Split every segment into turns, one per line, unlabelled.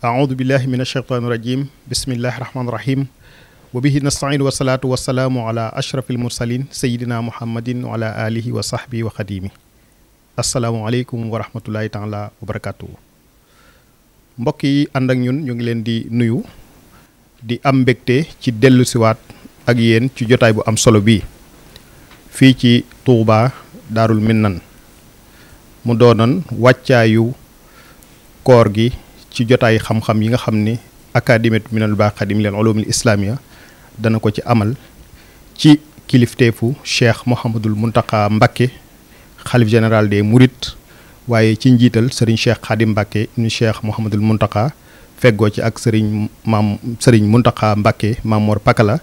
aoudu billahi min alsheytaani irajim bismillahi rahmaani rahim wa bihi nastain wasalaatu wasalaamu ala ashrafil mursalin sayidina muhammadin wa ala alihi wa sahbihi wa xadimi asalaamualeykum wa rahmatullahi taala wa barakatuhu mbokk yi ànd ak ñun ñu ngi leen di nuyu di am mbégte ci dellu siwaat ak yéen ci jotaay bu am solo bi fii ci tuuba Daarul Minnan mu doonoon wàccaayu koor gi ci jotaay xam-xam yi nga xam ni académie minal baqadim lil ulumil islamia dana ko ci amal ci kilifteefu cheikh Mouhamadul Mountakha Mbacké xalif général des Mourides waaye ci njiital sëriñ cheikh Khadim Mbacké ni cheikh Mouhamadul Mountakha feggoo ci ak sëriñ maam sëriñ Mountakha Mbacké Mamor Pakala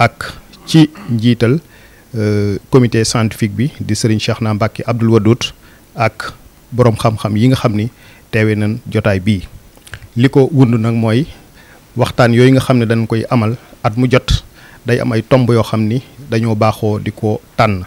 ak ci njiital euh, comité scientifique bi di sëriñ cheikh na Mbacké Abdoul Wadoud ak boroom xam-xam yi nga xam ni teewe nañ jotaay bii. li ko wund nag mooy waxtaan yooyu nga xam ne dañ koy amal at mu jot day am ay tomb yoo xam ni dañoo baaxoo di ko tànn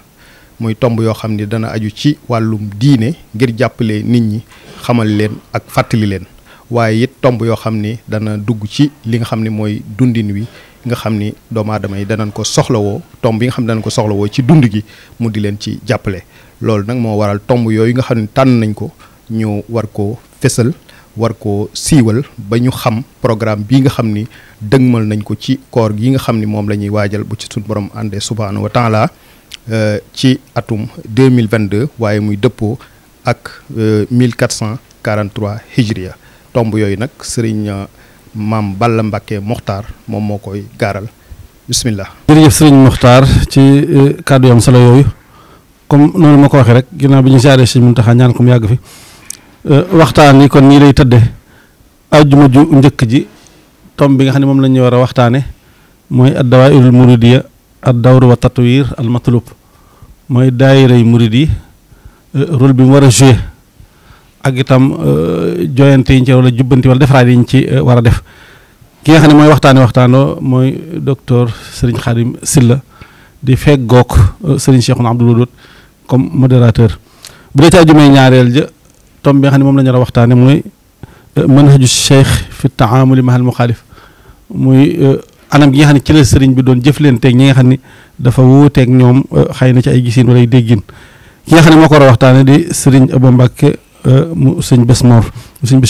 muy tomb yoo xam ni dana aju ci wàllum diine ngir jàppale nit ñi xamal leen ak fàttali leen waaye it tomb yoo xam ni dana dugg ci li nga xam ne mooy dundin wi nga xam ni doom aadama yi danañ ko soxla woo tomb yi nga xam ne danañ ko soxlawoo ci dund gi mu di leen ci jàppale loolu nag moo waral tomb yooyu nga xam ne tànn nañ ko ñu war ko fésal war ko siiwal ba ñu xam programme bii nga xam ni dëgmal nañ ko ci koor gi nga xam ni moom la ñuy waajal bu ci suñu borom àndee subhaanahu wa taala euh, ci atum mille vingt deux waaye muy dëppoo ak euh, mille 1443 hijriya tomb yooyu nag sëriñ euh, maam Balla Mbacke Mokhtar moom moo koy gaaral bismillah.
jërëjëf sëriñ Mokhtar ci kàddu yam solo yooyu comme noonu ma ko waxee rek ginnaaw bi ñu jaaree si Muntaxa ñaan ko mu yàgg fi. Euh, waxtaan yi kon nii lay tëdde ajjuma ju njëkk ji tom bi nga xam ne moom lañuy ñu war a waxtaane mooy addawaa'irul muridiyya ad dawru wa tatwir al matlub mooy daayiray murid yi euh, rôle bi mu war a joué ak itam euh, joyante yiñ ci wala jubbanti wala defaraat yiñ ci war a def ki nga xam ne mooy waxtaane waxtaanoo mooy docteur Serigne Khadim Silla di feggoog Serigne Cheikhouna Abdoul Wadoud comme modérateur bu dee ci ajjumay ñaareel ja tom bi nga xam ne moom la ñu war a waxtaane mooy euh, manhaju cheikh fi taamuli mahal muxaalif muy euh, anam gi nga xam ne ci la sëriñ bi doon jëflanteeg ñi nga xam ne dafa wuuteeg ñoom euh, xëy na ci ay gisiin wala ay déggin ki nga xam ne moo ko war a waxtaane di sëriñ Abo Mbàkke mu sëñ Bés Moor mu sëñ ki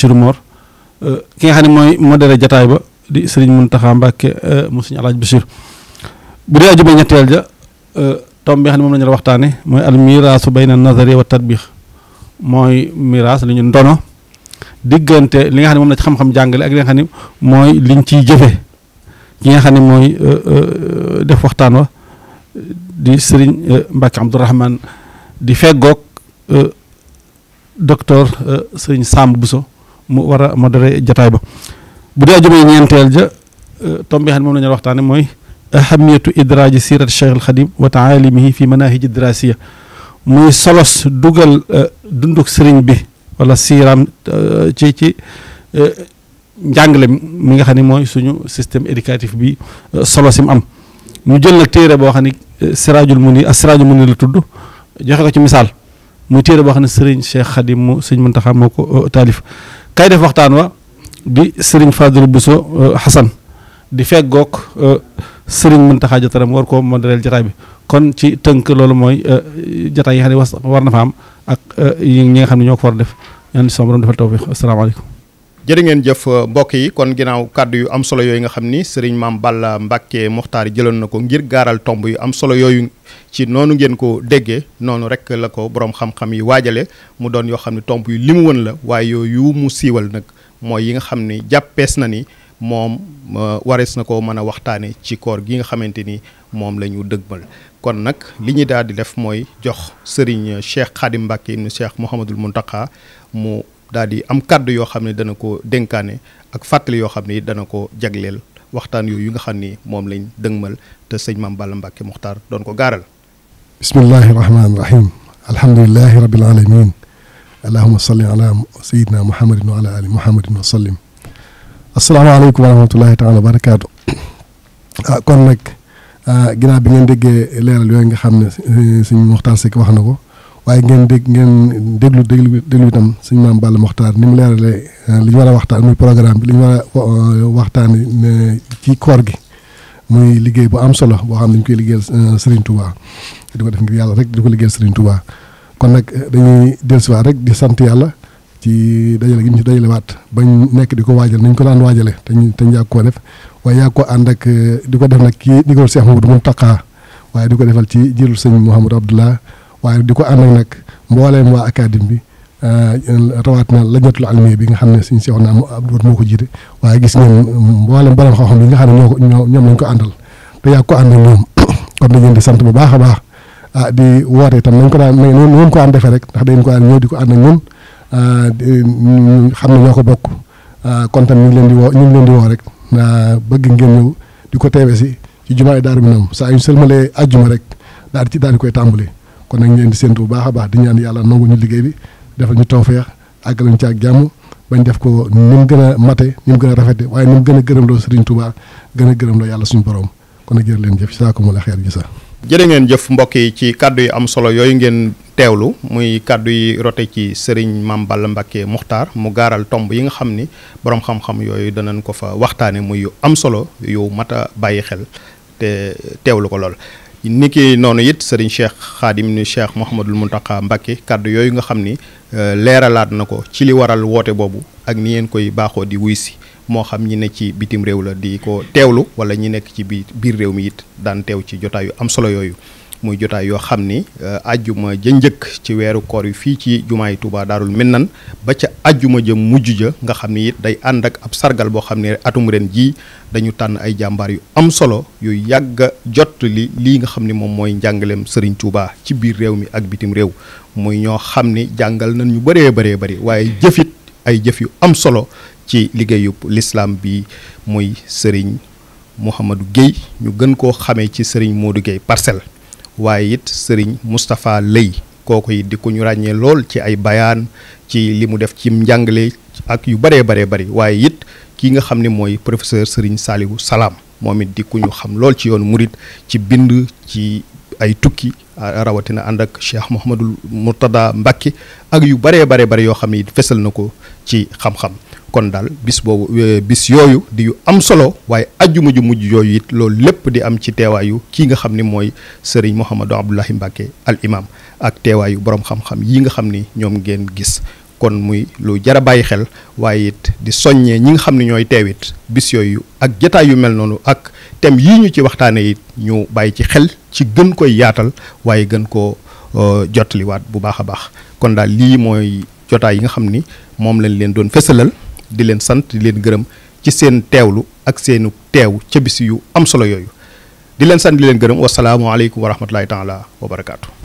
nga xam ne mooy modéré jataay ba di sëriñ Muntaxa Mbàkke mu sëñ Alaaj Basiru bu dee ajuma ñetteel ja tom bi nga xam ne moom la a waxtaane mooy al miraasu bayna nazari wa tatbiix mooy miraas li ñu ndono diggante li nga xam ne moom la ci xam-xam jàngale ak li nga xam ne mooy liñ ciy jëfe ki nga xam ne mooy euh, euh, def waxtaan wa di sëriñ euh, Mbàkke Abdourahman di feggoog docteur sëriñ Samb Bousso mu war a modéré jataay ba bu dee ajuma ñeenteel ja tomb bi xam ne moom la ñu waxtaane mooy ahamiyatu idraji sirat Cheikh al Xadim wa taalimihi fi manahiji dirasiya muy solos dugal euh, dunduk sëriñ bi wala siiraam euh, ci ci euh, njàngale mi nga xam ne mooy suñu système éducatif bi solo sim am ñu jël nag téere boo xam ne siraajul muni ak ah, siraajul muni la tudd joxe ko ci misaal muy téere boo xam ne sëriñ Cheikh Khadim mu sëñ Muntaxa moo ko taalif kay def waxtaan wa bi sëriñ Fadil Bousso Hassan di feggoog sëriñ Muntaxa jotaram war koo modéreel jotaay bi kon ci tënk loolu mooy euh, jotaay yi nga xam ne war na am ak euh, ñi nga xam ne ñoo ko def ñaan si sama borom defal
ngeen jëf euh, mbokk yi kon ginnaaw kàddu yu am solo yooyu nga xam ni sëriñ Maam Balla Mbàkke Moxtaar jëloon na ko ngir gaaral tomb yu am solo yooyu ci noonu ngeen ko déggee noonu rek la ko boroom xam-xam yi waajale mu doon yoo xam ne tomb yi li mu woon la waaye yooyu mu siiwal nag mooy yi nga xam ni jàppees na ni moom euh, warees na ko mën a waxtaane ci koor gi nga xamante ni moom la ñu dëgmal kon nag li ñu daal di def mooy jox sëriñ Cheikh Khadim Mbacke ibnu Cheikh Mouhamadul Mountakha mu daal di am kàddu yoo xam ne dana ko dénkaane ak fàttali yoo xam ne dana ko jagleel waxtaan yooyu nga xam ni moom lañ dëgmal te sëñ ma Balla Mbacke Muxtaar doon ko gaaral
bismillahi rahmaani rahim alhamdulilahi rabbil alamin allahuma salli ala sayidina muhammadin wa ala ali asalaamaaleykum wa rahmatulahi taala wa barakaatu ah, kon nag ah, ginnaaw bi ngeen déggee leeral yooyu nga xam ne eh, suñu Moxtaar Seck wax na ko waaye ngeen dégg ngeen déglu déglu déglu tam suñu maam Balla Moxtaar ni mu leeralee eh, li ñu war a waxtaan muy programme bi li ñu war a eh, waxtaan ci koor gi muy liggéey bu am solo boo xam ne dañ koy liggéeyal Serigne Touba di ko def ngir yàlla rek di ko liggéeyal Serigne Touba kon nag dañuy dellusiwaat rek di sant yàlla. ci dajale gi ñu ci dajale waat bañ nekk di ko waajal nañ ko daan waajale te ñu te ñu yàgg koo def waaye yàgg koo ànd eh, di ko def nag kii di ko Cheikh Mouhamadou Mountakha waaye di ko defal ci jiiru sëñ Mouhamadou Abdoulah waaye di ko ànd ak nag mbooleem waa académie bi eh, rawaat na lajatul almiya bi nga xam ne suñ Cheikh naa Abdou moo ko jiite waaye gis ngeen mbooleem borom xam-xam bi nga xam ne ñoo ko ñoom lañ ko àndal te yàgg sant bu baax a baax ah di woote itam nañ ko daan nañ defee rek ndax dañ ko daan ñëw di ko ànd ak ñun Euh, xam ne ñoo ko bokk euh, kon tam ñu ngi leen di woo ñu ngi leen di woo rek euh, bëgg ngeen ñëw di ko teewe si ci jumaay Daaru Minam saa yu sëlmalee àjjuma rek daal di ci daal di koy tàmbali kon nag ñu leen di séntu bu baax a baax di ñaan yàlla nangu ñu liggéey bi defal ñu tawfeex àggal ñu ci ak jàmm bañ def ko ni mu gën a mate ni mu gën a rafete waaye ni mu gën a gërëmloo duñ tubaa gën a loo yàlla suñu borom kon na jël leen jëf ci saa ko mu
la xeer gi sax jërë ngeen jëf mbokk yi ci kàddu yu am solo yooyu ngeen teewlu muy kàddu yi rote ci sëriñ Mame Balla Mbacké Moukhtar mu gaaral tomb yi nga xam ni borom xam-xam yooyu danañ ko fa waxtaane muy am solo yu mat a bàyyi xel te teewlu ko lool. ni noonu it sëriñ Cheikh Khadim ni Cheikh Mouhamadul Mountakha Mbacké kàddu yooyu nga xam ni euh, leeralaat na ko ci li waral woote boobu ak ni ngeen koy baaxoo di wuy si. moo xam ñi ne ci bitim réew la di ko teewlu wala ñi nekk ci bi biir réew mi it daan teew ci jotaay yu am solo yooyu muy jotaay yoo xam ni ajjuma euh, ja njëkk ci weeru koor yi fii ci jumaay Tuuba Daarul nan ba ca ajjuma ja mujj ja nga xam ni it day ànd ak ab sargal boo xam ne atum ren jii dañu tànn ay jàmbaar yu am solo yu yàgg a jot li lii nga xam ni moom mooy njàngaleem Serigne Touba ci biir réew mi ak bitim réew muy ñoo xam ni jàngal nañ ñu bëree bëree bëri waaye jëfit ay jëf yu am solo ci liggéeyu lislaam bi muy sëriñ Mouhamadou Guèye ñu gën koo xamee ci sëriñ Modou Guèye parcelle waaye it sëriñ Moustapha Lay kooku it di ko ñu ràññee lool ci ay bayaan ci li mu def ci njàngale ak yu bëree baree bëri waaye it ki nga xam ne mooy professeur sëriñ Saliou Salaam moom it di ku ñu xam lool ci yoonu murit ci bind ci ay tukki rawatina ànd ak Cheikh Mouhamadul Mourtada mbakki ak yu baree baree bare yoo xam ne fesal na ko ci xam-xam kon daal bis boobu euh, bis yooyu di yu am solo waaye ajjuma ju mujj yooyu it loolu lépp di am ci teewaayu kii nga xam ni mooy sëriñ Mouhamadou Abdoulahi Mbacke al imam ak teewaayu borom xam-xam yi nga xam ni ñoom ngeen gis. kon muy lu jar a bàyyi xel waaye it di soññee ñi nga xam ne ñooy teew it bis yooyu ak jataay yu mel noonu ak thème yii ñu ci waxtaanee it ñu bàyyi ci xel ci gën koy yaatal waaye gën ko koo euh, jottaliwaat bu baax a baax kon daal lii mooy jotaay yi nga xam ni moom lañ leen doon fësalal di leen sant di leen gërëm ci seen teewlu ak seenu teew ca bis yu am solo yooyu di leen sant di leen gërëm wasalaamualeykum wa rahmatulahi taala wa barakaatu.